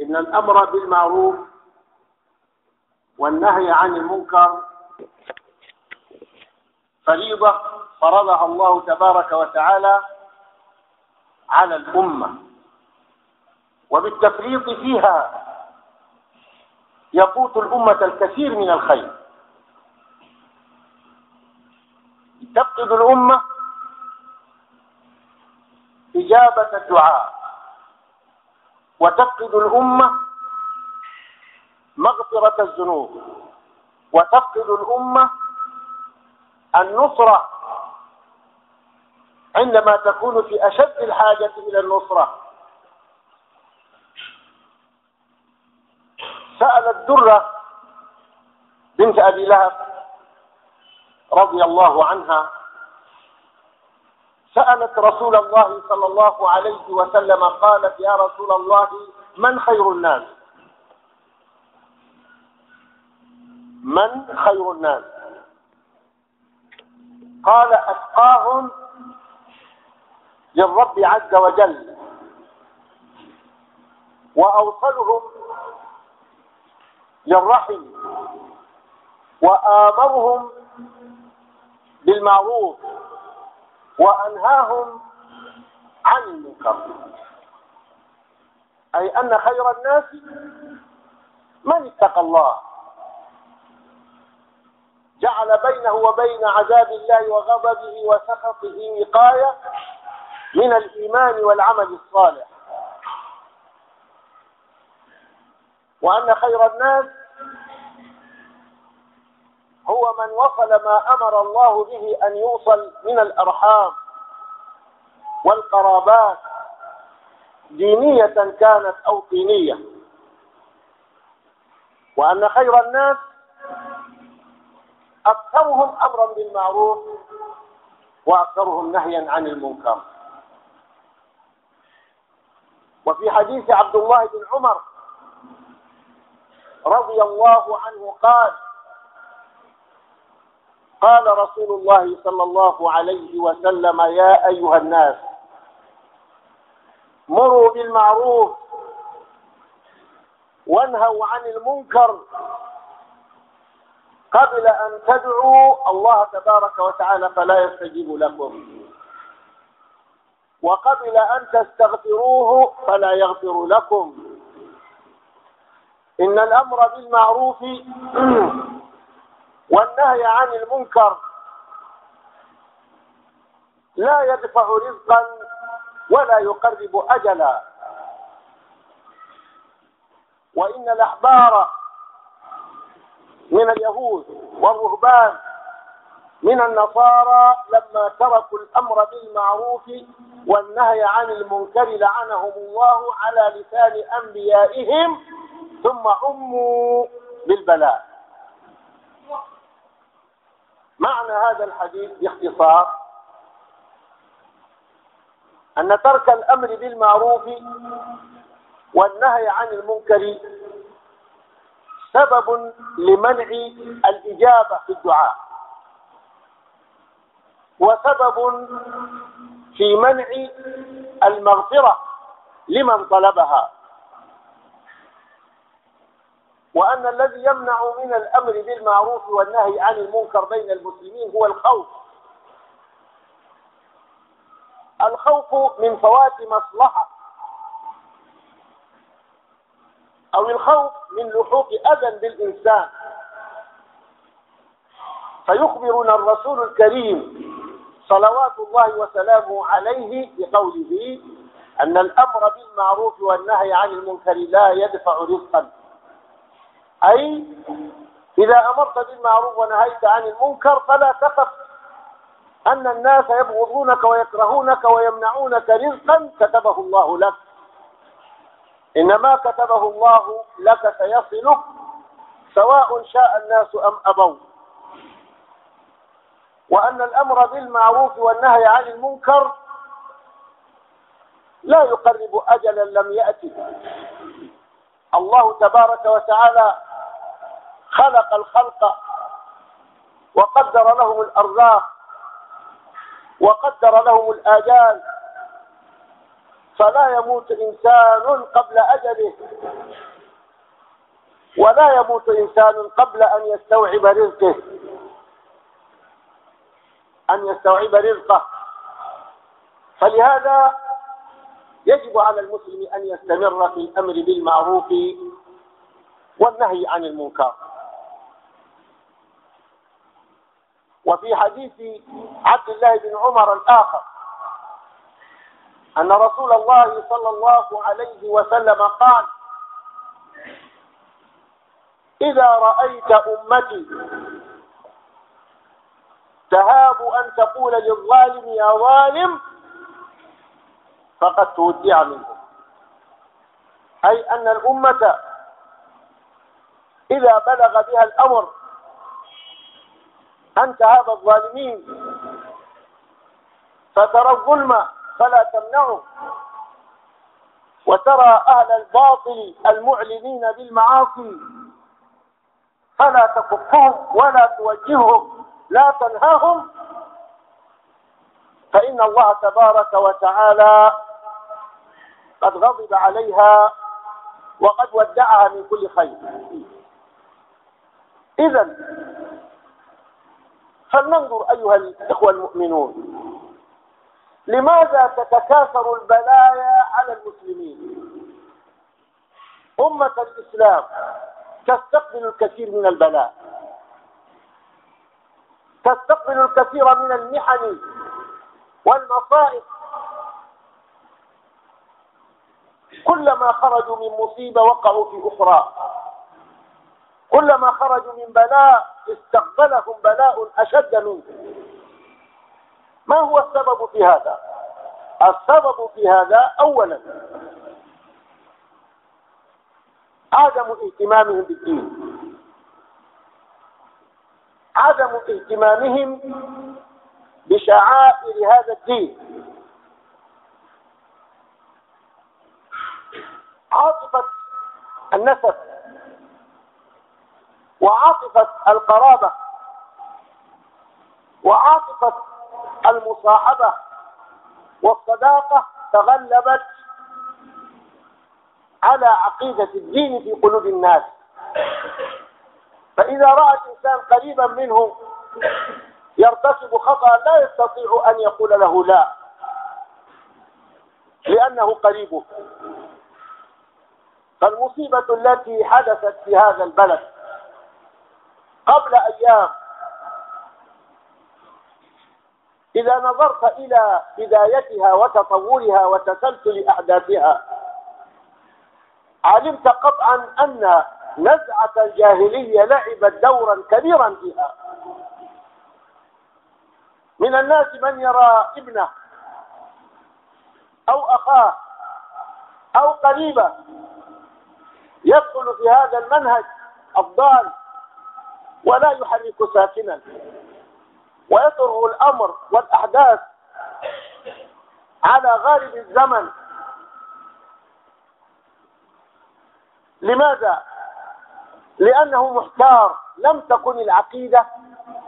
إن الأمر بالمعروف والنهي عن المنكر فريضة فرضها الله تبارك وتعالى على الأمة وبالتفريط فيها يفوت الأمة الكثير من الخير تفقد الأمة إجابة الدعاء وتفقد الأمة مغفرة الذنوب وتفقد الأمة النصرة عندما تكون في أشد الحاجة إلى النصرة سألت درة بنت أبي لهب رضي الله عنها سألت رسول الله صلى الله عليه وسلم قالت يا رسول الله من خير الناس من خير الناس قال أتقاهم للرب عز وجل وأوصلهم للرحم وآمرهم بالمعروف وأنهاهم عن المنكر أي أن خير الناس من اتقى الله جعل بينه وبين عذاب الله وغضبه وسخطه وقاية من الإيمان والعمل الصالح وأن خير الناس هو من وصل ما أمر الله به أن يوصل من الأرحام والقرابات دينية كانت أو طينية وأن خير الناس أكثرهم أمرا بالمعروف وأكثرهم نهيا عن المنكر وفي حديث عبد الله بن عمر رضي الله عنه قال قال رسول الله صلى الله عليه وسلم يا أيها الناس مروا بالمعروف وانهوا عن المنكر قبل أن تدعوا الله تبارك وتعالى فلا يستجيب لكم وقبل أن تستغفروه فلا يغفر لكم إن الأمر بالمعروف والنهي عن المنكر لا يدفع رزقا ولا يقرب أجلا وإن الأحبار من اليهود والرهبان من النصارى لما تركوا الأمر بالمعروف والنهي عن المنكر لعنهم الله على لسان أنبيائهم ثم عموا بالبلاء معنى هذا الحديث باختصار أن ترك الأمر بالمعروف والنهي عن المنكر سبب لمنع الإجابة في الدعاء وسبب في منع المغفرة لمن طلبها وأن الذي يمنع من الأمر بالمعروف والنهي عن المنكر بين المسلمين هو الخوف الخوف من فوات مصلحة أو الخوف من لحوق أذى بالإنسان فيخبرنا الرسول الكريم صلوات الله وسلامه عليه بقوله أن الأمر بالمعروف والنهي عن المنكر لا يدفع رزقا أي إذا أمرت بالمعروف ونهيت عن المنكر فلا تخف أن الناس يبغضونك ويكرهونك ويمنعونك رزقا كتبه الله لك إنما كتبه الله لك سيصلك سواء شاء الناس أم أبوا وأن الأمر بالمعروف والنهي عن المنكر لا يقرب أجلا لم يأتي الله تبارك وتعالى خلق الخلق وقدر لهم الأرزاق وقدر لهم الآجال فلا يموت إنسان قبل أجله ولا يموت إنسان قبل أن يستوعب رزقه أن يستوعب رزقه فلهذا يجب على المسلم أن يستمر في الأمر بالمعروف والنهي عن المنكر وفي حديث عبد الله بن عمر الآخر أن رسول الله صلى الله عليه وسلم قال إذا رأيت أمتي تهاب أن تقول للظالم يا ظالم فقد تودع منه أي أن الأمة إذا بلغ بها الأمر أنت هذا الظالمين فترى الظلم فلا تمنعه وترى أهل الباطل المعلنين بالمعاصي فلا تكفهم ولا توجههم لا تنهاهم فإن الله تبارك وتعالى قد غضب عليها وقد ودعها من كل خير إذا فلننظر أيها الإخوة المؤمنون لماذا تتكاثر البلايا على المسلمين أمة الإسلام تستقبل الكثير من البلاء تستقبل الكثير من المحن والمصائب كلما خرجوا من مصيبة وقعوا في أخرى كلما خرجوا من بلاء استقبلهم بلاء أشد منه ما هو السبب في هذا السبب في هذا أولا عدم اهتمامهم بالدين عدم اهتمامهم بشعائر هذا الدين عاطفة النسب وعاطفة القرابة وعاطفة المصاحبة والصداقة تغلبت على عقيدة الدين في قلوب الناس فإذا رأى الإنسان قريبا منه يرتكب خطأ لا يستطيع أن يقول له لا لأنه قريبه فالمصيبة التي حدثت في هذا البلد قبل أيام إذا نظرت إلى بدايتها وتطورها وتسلسل أحداثها علمت قطعا أن نزعة الجاهلية لعبت دورا كبيرا فيها من الناس من يرى ابنه أو أخاه أو قريبه يدخل في هذا المنهج الضال ولا يحرك ساكنا ويطره الأمر والأحداث على غالب الزمن لماذا؟ لأنه محتار لم تكن العقيدة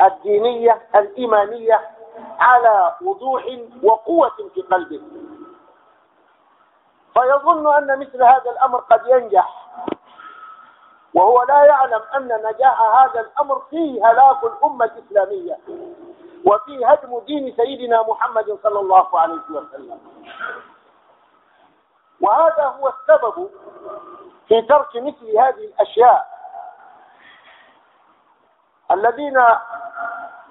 الدينية الإيمانية على وضوح وقوة في قلبه فيظن أن مثل هذا الأمر قد ينجح وهو لا يعلم أن نجاح هذا الأمر فيه هلاك الأمة الإسلامية وفيه هدم دين سيدنا محمد صلى الله عليه وسلم وهذا هو السبب في ترك مثل هذه الأشياء الذين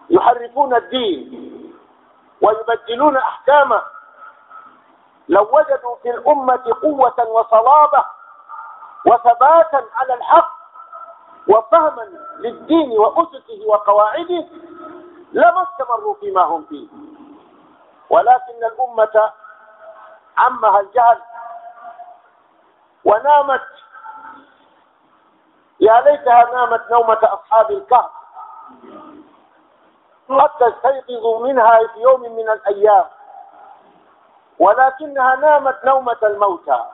يحرفون الدين ويبدلون أحكامه لو وجدوا في الأمة قوة وصلابة وثباتا على الحق وفهما للدين وأسسه وقواعده لما استمروا فيما هم فيه ولكن الأمة عمها الجهل ونامت يا ليتها نامت نومة أصحاب الكهف قد تستيقظ منها في يوم من الأيام ولكنها نامت نومة الموتى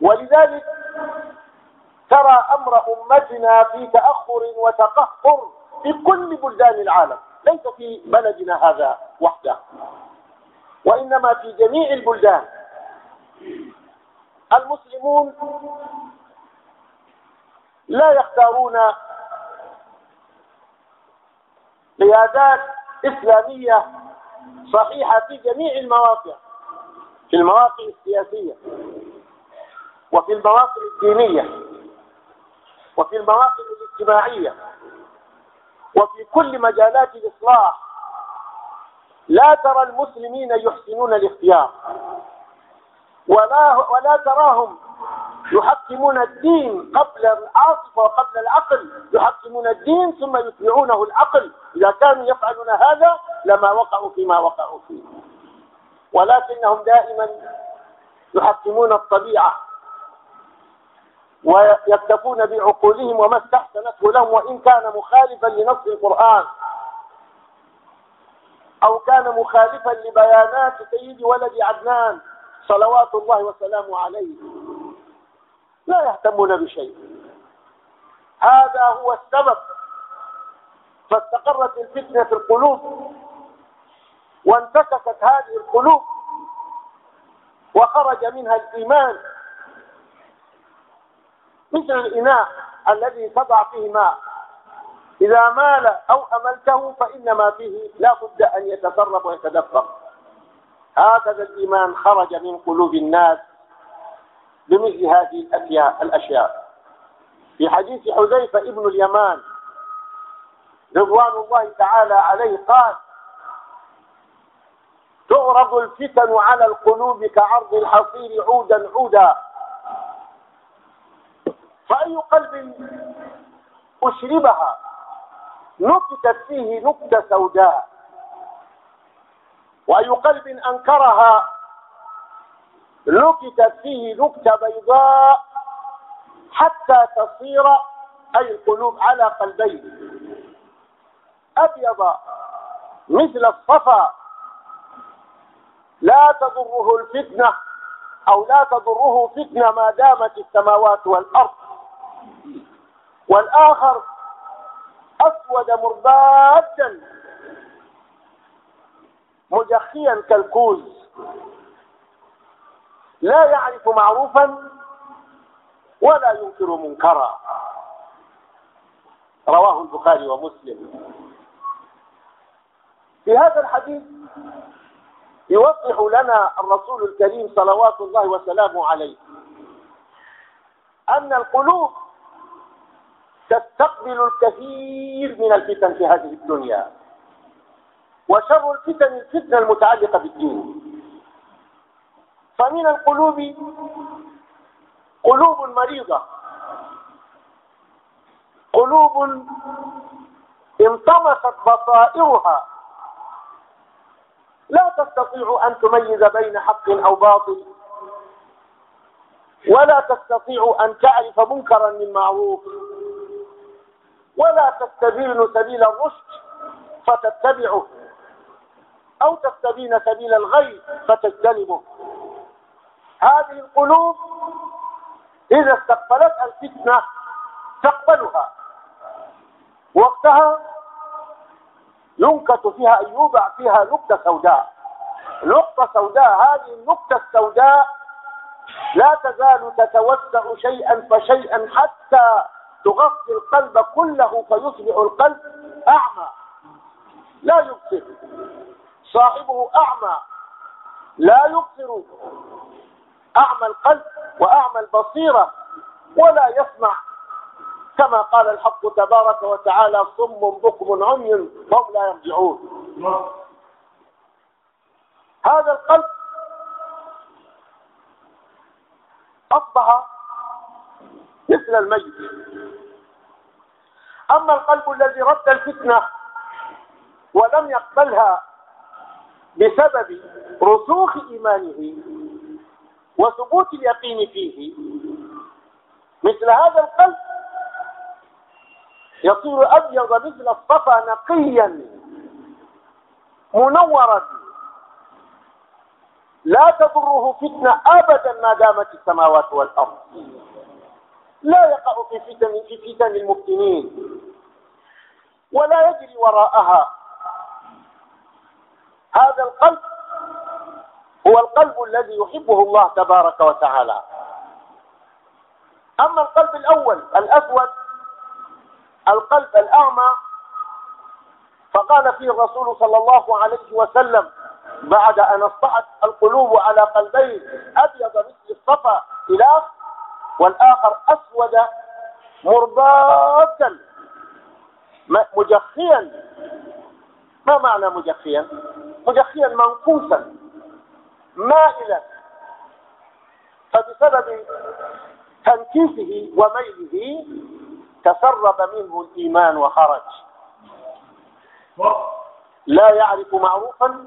ولذلك ترى أمر أمتنا في تأخر وتقهقر في كل بلدان العالم ليس في بلدنا هذا وحده وإنما في جميع البلدان المسلمون لا يختارون قيادات إسلامية صحيحة في جميع المواقع في المواقع السياسية وفي المواطن الدينية وفي المواطن الاجتماعية وفي كل مجالات الإصلاح لا ترى المسلمين يحسنون الاختيار ولا ولا تراهم يحكمون الدين قبل العاصفة وقبل العقل يحكمون الدين ثم يتبعونه العقل إذا كانوا يفعلون هذا لما وقعوا فيما وقعوا فيه ولكنهم دائما يحكمون الطبيعة ويكتفون بعقولهم وما استحسنته لهم وإن كان مخالفا لنص القرآن أو كان مخالفا لبيانات سيد ولد عدنان صلوات الله وسلامه عليه لا يهتمون بشيء هذا هو السبب فاستقرت الفتنة في القلوب وانتكست هذه القلوب وخرج منها الإيمان مثل الإناء الذي تضع فيه ماء إذا مال أو أملته فإنما فيه لا بد أن يتسرب ويتدفق هكذا الإيمان خرج من قلوب الناس بمثل هذه الأشياء الأشياء في حديث حذيفة ابن اليمان رضوان الله تعالى عليه قال تعرض الفتن على القلوب كعرض الحصير عودا عودا فأي قلب أشربها نكتت فيه نكتة سوداء وأي قلب أنكرها نكتت فيه نكتة بيضاء حتى تصير أي القلوب على قلبين أبيض مثل الصفا لا تضره الفتنة أو لا تضره فتنة ما دامت السماوات والأرض والآخر أسود مربادا مجخيا كالكوز لا يعرف معروفا ولا ينكر منكرا رواه البخاري ومسلم في هذا الحديث يوضح لنا الرسول الكريم صلوات الله وسلامه عليه أن القلوب تستقبل الكثير من الفتن في هذه الدنيا وشر الفتن الفتنة المتعلقة بالدين فمن القلوب قلوب مريضة قلوب انطمست بصائرها لا تستطيع أن تميز بين حق أو باطل ولا تستطيع أن تعرف منكرا من معروف ولا تستبين سبيل الرشد فتتبعه أو تستبين سبيل الغي فتجتنبه هذه القلوب إذا استقبلت الفتنة تقبلها وقتها ينكت فيها أن يوضع فيها نكتة سوداء نقطة سوداء هذه النقطة السوداء لا تزال تتوسع شيئا فشيئا حتى تغطي القلب كله فيصبح القلب أعمى لا يبصر صاحبه أعمى لا يبصر أعمى القلب وأعمى البصيرة ولا يسمع كما قال الحق تبارك وتعالى صم بكم عمي وهم لا يرجعون هذا القلب أصبح مثل الميت أما القلب الذي رد الفتنة ولم يقبلها بسبب رسوخ إيمانه وثبوت اليقين فيه مثل هذا القلب يصير أبيض مثل الصفا نقيا منورا لا تضره فتنة أبدا ما دامت السماوات والأرض لا يقع في فتن في فتن المفتنين ولا يجري وراءها هذا القلب هو القلب الذي يحبه الله تبارك وتعالى أما القلب الأول الأسود القلب الأعمى فقال فيه الرسول صلى الله عليه وسلم بعد أن اصطعت القلوب على قلبين أبيض مثل الصفا إلى والآخر أسود مرضاة مجخيا ما معنى مجخيا مجخيا منقوسا مائلا فبسبب تنكيسه وميله تسرب منه الإيمان وخرج لا يعرف معروفا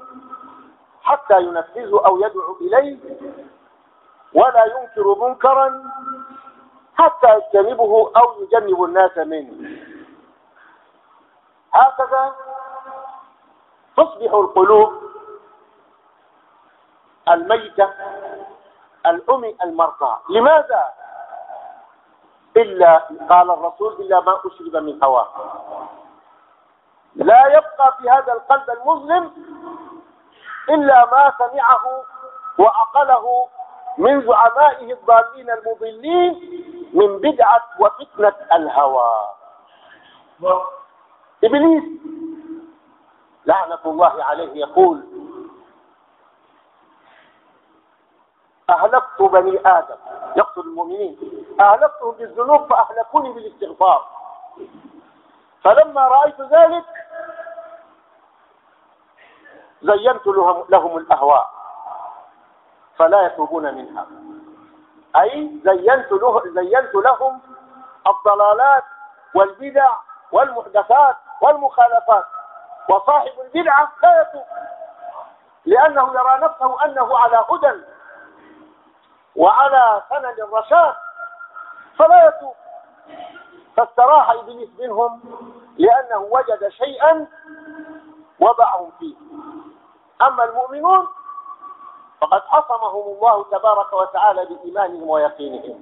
حتى ينفذه أو يدعو إليه ولا ينكر منكرا حتى يجتنبه أو يجنب الناس منه هكذا تصبح القلوب الميتة الأم المرضى لماذا إلا قال الرسول إلا ما أشرب من هواه لا يبقى في هذا القلب المظلم إلا ما سمعه وعقله من زعمائه الضالين المضلين من بدعة وفتنة الهوى إبليس لعنة الله عليه يقول أهلكت بني آدم يقتل المؤمنين أهلكتهم بالذنوب فأهلكوني بالاستغفار فلما رأيت ذلك زينت لهم, لهم الأهواء فلا يتوبون منها أي زينت, له زينت لهم الضلالات والبدع والمحدثات والمخالفات وصاحب البدعة لا يتوب لأنه يرى نفسه أنه على هدى وعلى سند الرشاد فلا يتوب فاستراح إبليس منهم لأنه وجد شيئا وضعه فيه أما المؤمنون فقد عصمهم الله تبارك وتعالى بإيمانهم ويقينهم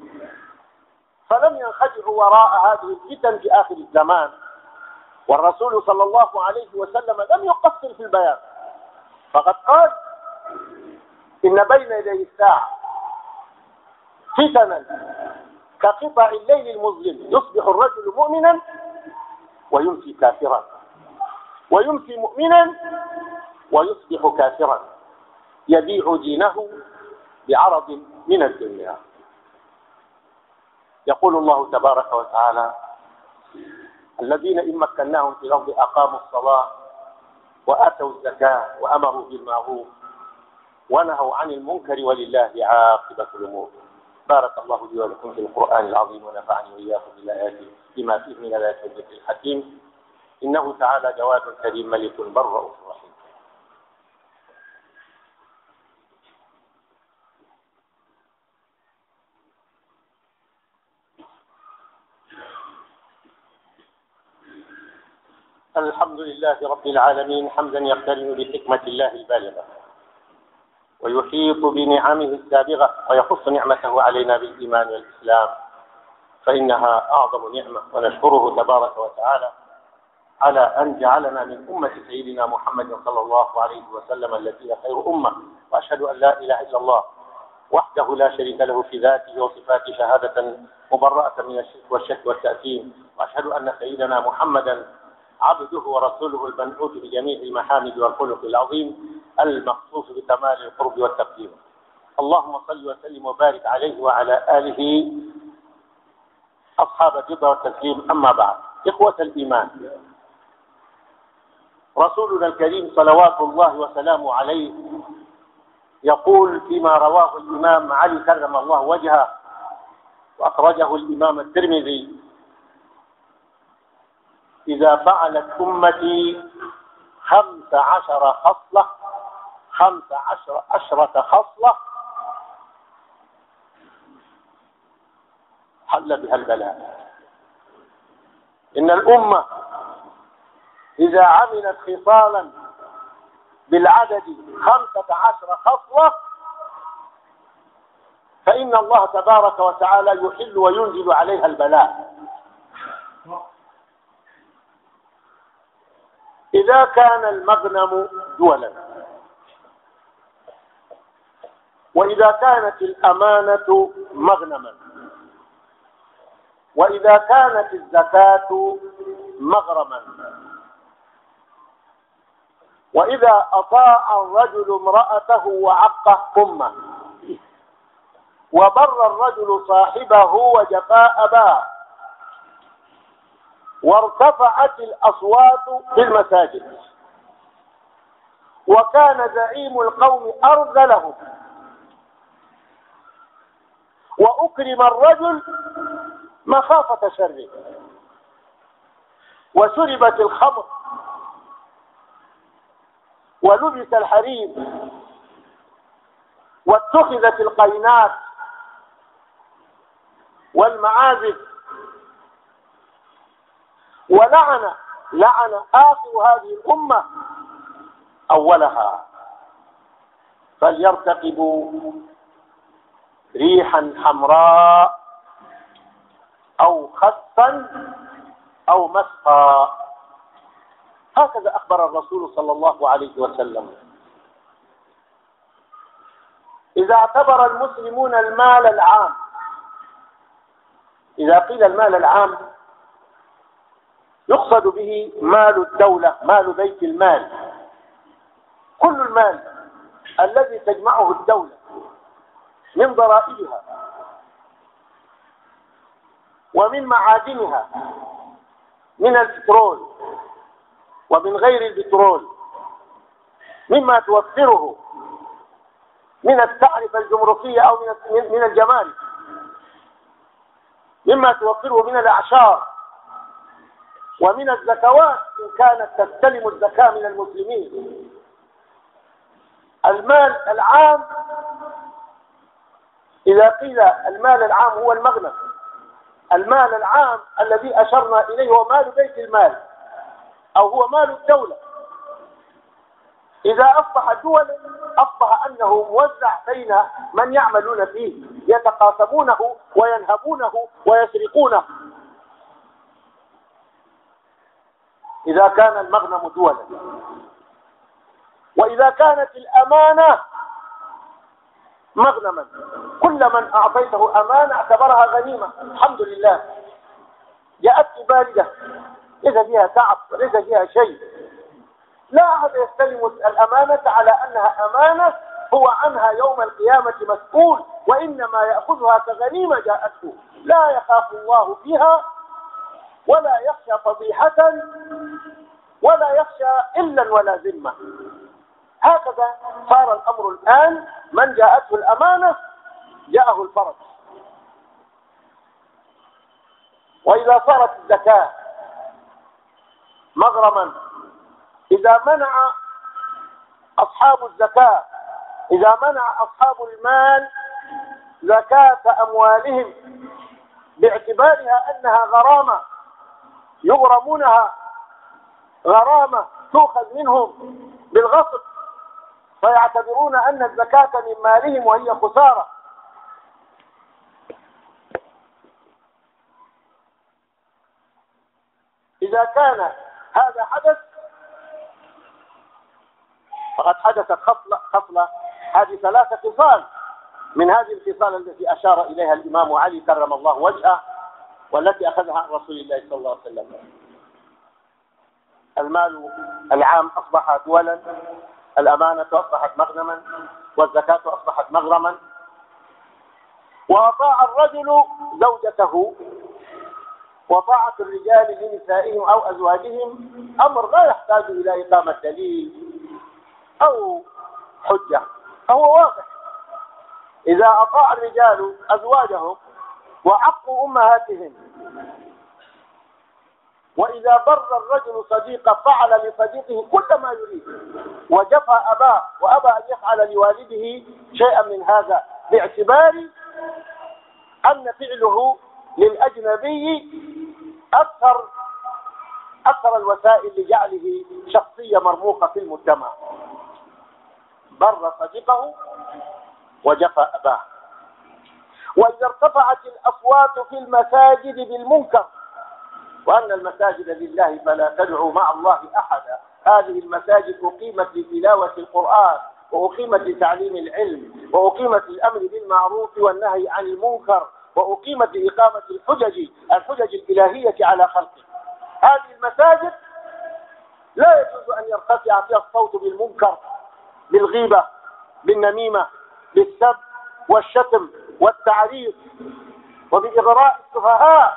فلم ينخدعوا وراء هذه الفتن في آخر الزمان والرسول صلى الله عليه وسلم لم يقصر في البيان فقد قال إن بين يدي الساعة فتنا كقطع الليل المظلم يصبح الرجل مؤمنا ويمسي كافرا ويمسي مؤمنا ويصبح كافرا يبيع دينه بعرض من الدنيا يقول الله تبارك وتعالى الذين إن مكناهم في الأرض أقاموا الصلاة وآتوا الزكاة وأمروا بالمعروف ونهوا عن المنكر ولله عاقبة الأمور بارك الله لي ولكم في القرآن العظيم ونفعني وإياكم بالآيات بما فيه من الآيات الحكيم إنه تعالى جواد كريم ملك بر رحيم الحمد لله رب العالمين حمدا يقترن بحكمة الله البالغة ويحيط بنعمه السابغة ويخص نعمته علينا بالإيمان والإسلام فإنها أعظم نعمة ونشكره تبارك وتعالى على أن جعلنا من أمة سيدنا محمد صلى الله عليه وسلم التي هي خير أمة وأشهد أن لا إله إلا الله وحده لا شريك له في ذاته وصفاته شهادة مبرأة من الشرك والشك والتأثيم وأشهد أن سيدنا محمدا عبده ورسوله المنعوت بجميع المحامد والخلق العظيم المخصوص بكمال القرب والتقدير اللهم صل وسلم وبارك عليه وعلى آله أصحاب الرضا والتسليم أما بعد إخوة الإيمان رسولنا الكريم صلوات الله وسلامه عليه يقول فيما رواه الإمام علي كرم الله وجهه وأخرجه الإمام الترمذي إذا فعلت أمتي خمس عشر خصلة خمس عشر عشرة خصلة حل بها البلاء إن الأمة إذا عملت خصالا بالعدد خمسة عشر خصلة فإن الله تبارك وتعالى يحل وينزل عليها البلاء إذا كان المغنم دولا وإذا كانت الأمانة مغنما وإذا كانت الزكاة مغرما وإذا أطاع الرجل امرأته وعقه أمه وبر الرجل صاحبه وجفاء أباه وارتفعت الأصوات في المساجد وكان زعيم القوم لهم وأكرم الرجل مخافة شره وشربت الخمر ولبس الحريم واتخذت القينات والمعازف ولعن لعن آخر هذه الأمة أولها فليرتقبوا ريحا حمراء أو خسفا أو مسقا هكذا أخبر الرسول صلى الله عليه وسلم إذا اعتبر المسلمون المال العام إذا قيل المال العام يقصد به مال الدولة مال بيت المال كل المال الذي تجمعه الدولة من ضرائبها ومن معادنها من البترول ومن غير البترول مما توفره من التعرفة الجمركية أو من الجمارك مما توفره من الأعشار ومن الزكوات إن كانت تستلم الزكاة من المسلمين المال العام إذا قيل المال العام هو المغنم المال العام الذي أشرنا إليه هو مال بيت المال أو هو مال الدولة إذا أصبح دولا أصبح أنه موزع بين من يعملون فيه يتقاسمونه وينهبونه ويسرقونه إذا كان المغنم دولا وإذا كانت الأمانة مغنما كل من أعطيته أمانة اعتبرها غنيمة الحمد لله جاءته باردة ليس فيها تعب وليس فيها شيء لا أحد يستلم الأمانة على أنها أمانة هو عنها يوم القيامة مسؤول وإنما يأخذها كغنيمة جاءته لا يخاف الله فيها ولا يخشى فضيحة ولا يخشى إلا ولا ذمة هكذا صار الأمر الآن من جاءته الأمانة جاءه الفرج وإذا صارت الزكاة مغرما إذا منع أصحاب الزكاة إذا منع أصحاب المال زكاة أموالهم باعتبارها أنها غرامة يغرمونها غرامة تؤخذ منهم بالغصب فيعتبرون أن الزكاة من مالهم وهي خسارة إذا كان هذا حدث فقد حدثت خصلة, خصلة هذه ثلاثة خصال من هذه الخصال التي أشار إليها الإمام علي كرم الله وجهه والتي أخذها عن رسول الله صلى الله عليه وسلم المال العام أصبح دولا الأمانة أصبحت مغنما والزكاة أصبحت مغرما وأطاع الرجل زوجته وطاعة الرجال لنسائهم أو أزواجهم أمر لا يحتاج إلى إقامة دليل أو حجة فهو واضح إذا أطاع الرجال أزواجهم وحق أمهاتهم وإذا بر الرجل صديقه فعل لصديقه كل ما يريد وجفى أباه وأبى أن يفعل لوالده شيئا من هذا باعتبار أن فعله للأجنبي أكثر أكثر الوسائل لجعله شخصية مرموقة في المجتمع بر صديقه وجفى أباه وإذا ارتفعت الأصوات في المساجد بالمنكر وأن المساجد لله فلا تدعوا مع الله أحدا هذه المساجد أقيمت لتلاوة القرآن وأقيمت لتعليم العلم وأقيمت للأمر بالمعروف والنهي عن المنكر وأقيمت لإقامة الحجج الحجج الإلهية على خلقه هذه المساجد لا يجوز أن يرتفع فيها الصوت بالمنكر بالغيبة بالنميمة بالسب والشتم والتعريف وبإغراء السفهاء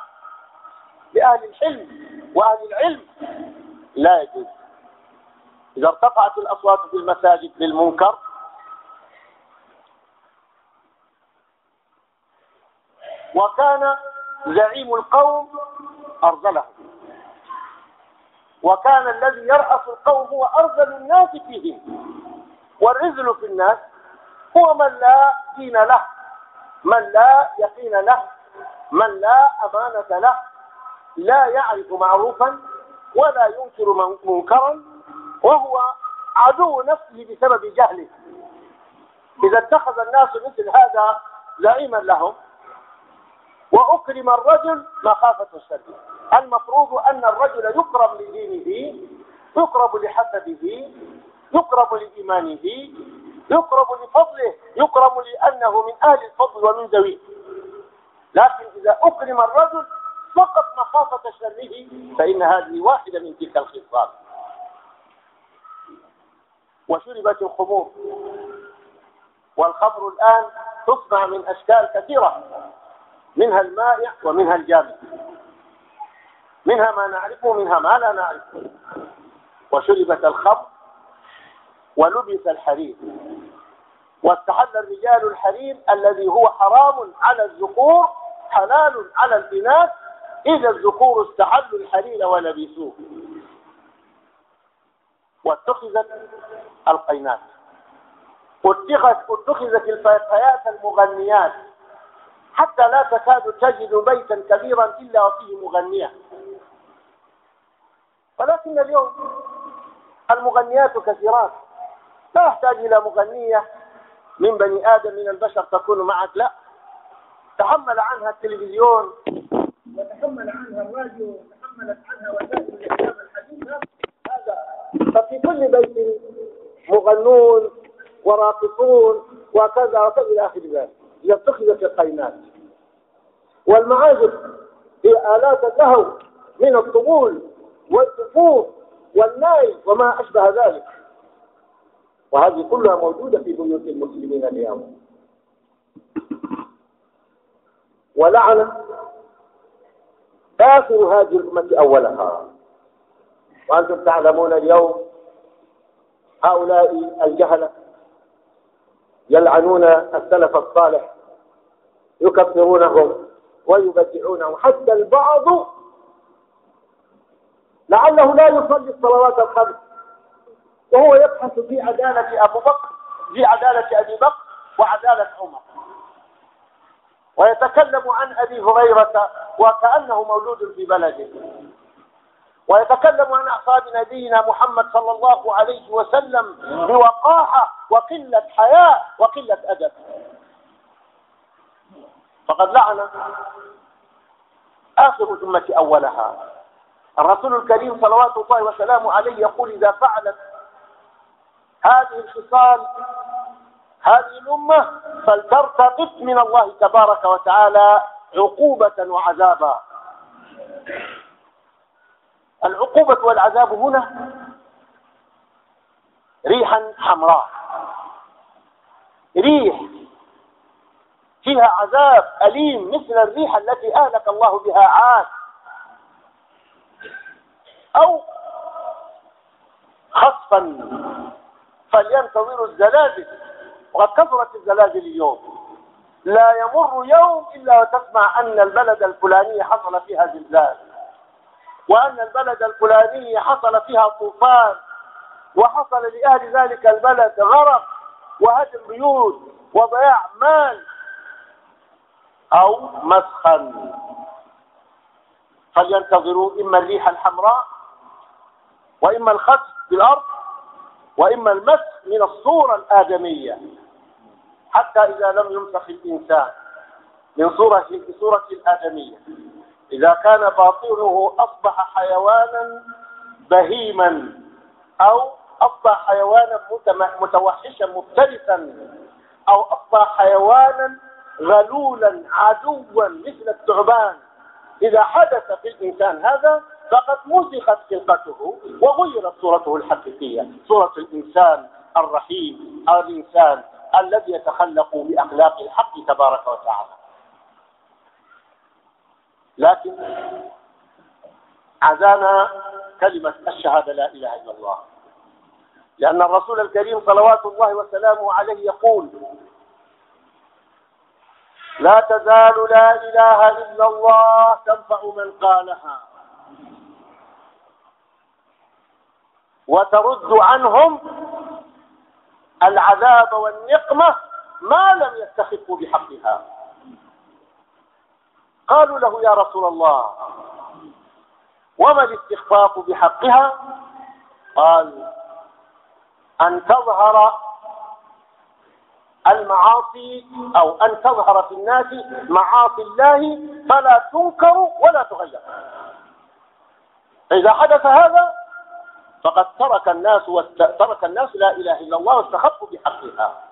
لأهل الحلم وأهل العلم لا يجوز إذا ارتفعت الأصوات في المساجد للمنكر وكان زعيم القوم أرذله وكان الذي يرأس القوم هو أرذل الناس فيهم والرذل في الناس هو من لا دين له من لا يقين له من لا أمانة له لا يعرف معروفا ولا ينكر منكرا وهو عدو نفسه بسبب جهله إذا اتخذ الناس مثل هذا زعيما لهم وأكرم الرجل مخافة الشر المفروض أن الرجل يكرم لدينه يكرم لحسبه يكرم لإيمانه يكرم لفضله يكرم لأنه من أهل الفضل ومن ذويه لكن إذا أكرم الرجل فقط مخافة شره فإن هذه واحدة من تلك الخصال وشربت الخمور والخمر الآن تصنع من أشكال كثيرة منها المائع ومنها الجامد منها ما نعرفه ومنها ما لا نعرفه وشربت الخمر ولبس الحرير واستحل الرجال الحرير الذي هو حرام على الذكور حلال على الإناث إذا الذكور استحلوا الحرير ولبسوه واتخذت القينات اتخذت الفتيات المغنيات حتى لا تكاد تجد بيتا كبيرا إلا وفيه مغنية ولكن اليوم المغنيات كثيرات لا يحتاج إلى مغنية من بني آدم من البشر تكون معك لا تحمل عنها التلفزيون وتحمل عنها الراديو وتحملت عنها وسائل الإعلام الحديثة هذا ففي كل بيت مغنون وراقصون وكذا وكذا إلى آخر ذلك اتخذت القينات والمعازف هي آلات اللهو من الطبول والطفوف والناي وما أشبه ذلك وهذه كلها موجودة في بيوت المسلمين اليوم ولعن آخر هذه الأمة أولها وأنتم تعلمون اليوم هؤلاء الجهلة يلعنون السلف الصالح يكفرونهم ويبدعونهم حتى البعض لعله لا يصلي الصلوات الخمس وهو يبحث في عدالة أبو بكر في عدالة أبي بكر وعدالة عمر ويتكلم عن أبي هريرة وكأنه مولود في بلده ويتكلم عن أعصاب نبينا محمد صلى الله عليه وسلم بوقاحة وقلة حياء وقلة أدب فقد لعن آخر الأمة أولها الرسول الكريم صلوات الله وسلامه عليه يقول إذا فعلت هذه الخصال هذه الأمة فلترتقب من الله تبارك وتعالى عقوبة وعذابا العقوبة والعذاب هنا ريحا حمراء ريح فيها عذاب أليم مثل الريح التي أهلك الله بها عاد أو خصفا فلينتظر الزلازل وقد كثرت الزلازل اليوم لا يمر يوم إلا وتسمع أن البلد الفلاني حصل فيها زلزال وأن البلد الفلاني حصل فيها طوفان وحصل لأهل ذلك البلد غرق وهدم بيوت وضياع مال أو مسخن فلينتظروا إما الريح الحمراء وإما الخسف بالأرض وإما المس من الصورة الآدمية حتى إذا لم يمسخ الإنسان من صورة صورة الآدمية إذا كان باطنه أصبح حيوانا بهيما أو أصبح حيوانا متوحشا مفترسا أو أصبح حيوانا غلولا عدوا مثل الثعبان إذا حدث في الإنسان هذا فقد مزقت خلقته وغيرت صورته الحقيقية صورة الإنسان الرحيم الإنسان الذي يتخلق بأخلاق الحق تبارك وتعالى لكن عزانا كلمة الشهادة لا إله إلا الله لأن الرسول الكريم صلوات الله وسلامه عليه يقول لا تزال لا إله إلا الله تنفع من قالها وترد عنهم العذاب والنقمة ما لم يستخفوا بحقها قالوا له يا رسول الله وما الاستخفاف بحقها قال أن تظهر المعاصي أو أن تظهر في الناس معاصي الله فلا تنكر ولا تغير إذا حدث هذا فقد ترك الناس ترك الناس لا إله إلا الله واستخفوا بحقها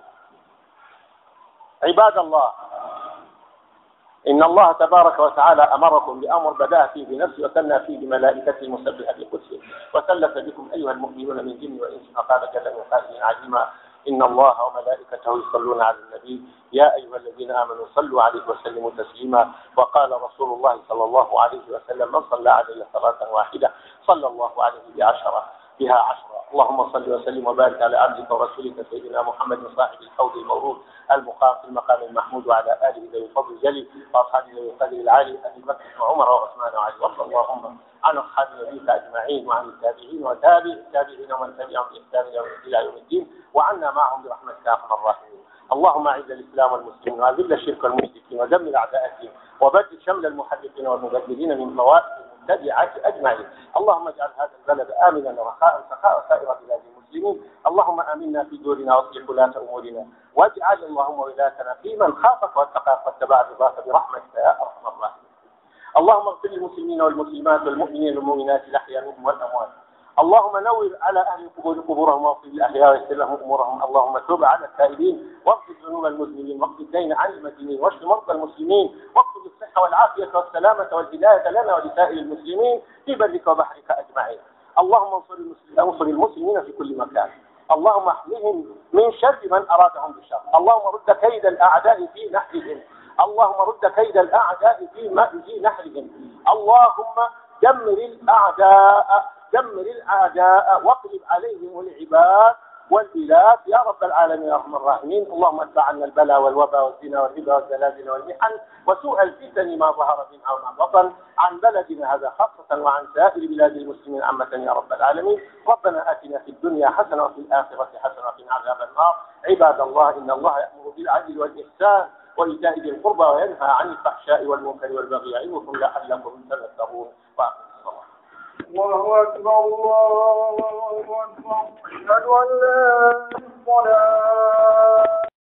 عباد الله إن الله تبارك وتعالى أمركم بأمر بدأ فيه بنفسه وثنى فيه بملائكته المسبحة بقدسه وثلث بكم أيها المؤمنون من جن وإنس فقال جل من قائل عظيما إن الله وملائكته يصلون على النبي يا أيها الذين آمنوا صلوا عليه وسلموا تسليما وقال رسول الله صلى الله عليه وسلم من صلى عليه صلاة واحدة صلى الله عليه بعشرة فيها عشرة اللهم صل وسلم وبارك على عبدك ورسولك سيدنا محمد صاحب الحوض المورود المقام في المقام المحمود وعلى اله ذوي الفضل الجلي واصحابه ذوي القدر العالي ابي بكر وعمر وعثمان وعلي وارض اللهم عن اصحاب نبيك اجمعين وعن التابعين وتابع التابعين ومن تبعهم باحسان الى يوم الدين وعنا معهم برحمتك ارحم الراحمين اللهم اعز الاسلام والمسلمين واذل الشرك والمشركين ودمر اعداء الدين وبدل شمل المحدثين والمبدلين من فوائد تبعك أجمعين اللهم اجعل هذا البلد آمنا رخاء سخاء سائر بلاد المسلمين اللهم آمنا في دورنا واصلح ولاة أمورنا واجعل اللهم ولاتنا في من خافك واتقاك واتبع رضاك برحمتك يا أرحم الراحمين اللهم اغفر للمسلمين والمسلمات والمؤمنين والمؤمنات الأحياء منهم والأموات اللهم نور على أهل قبورهم واغفر للاحياء ويسر لهم أمورهم اللهم تب على التائبين واغفر ذنوب المذنبين واغفر الدين عن المدينين واشف مرضى المسلمين واكتب الصحة والعافية والسلامة والهداية لنا ولسائر المسلمين في برك وبحرك أجمعين اللهم انصر المسلمين, انصر المسلمين في كل مكان اللهم احميهم من شر من أرادهم بالشر اللهم رد كيد الأعداء في نحرهم اللهم رد كيد الأعداء في نحرهم اللهم دمر الأعداء دمر الاعداء واقلب عليهم العباد والبلاد يا رب العالمين يا ارحم الراحمين اللهم ادفع عنا البلاء والوباء والزنا والربا والزلازل والمحن وسوء الفتن ما ظهر منها وما بطن عن بلدنا هذا خاصة وعن سائر بلاد المسلمين عامة يا رب العالمين ربنا آتنا في الدنيا حسنة وفي الآخرة حسنة وقنا عذاب النار عباد الله إن الله يأمر بالعدل والإحسان وإيتاء ذي القربى وينهى عن الفحشاء والمنكر والبغي يعظكم لعلكم تذكرون الله أكبر الله أكبر أشهد أن لا إله إلا الله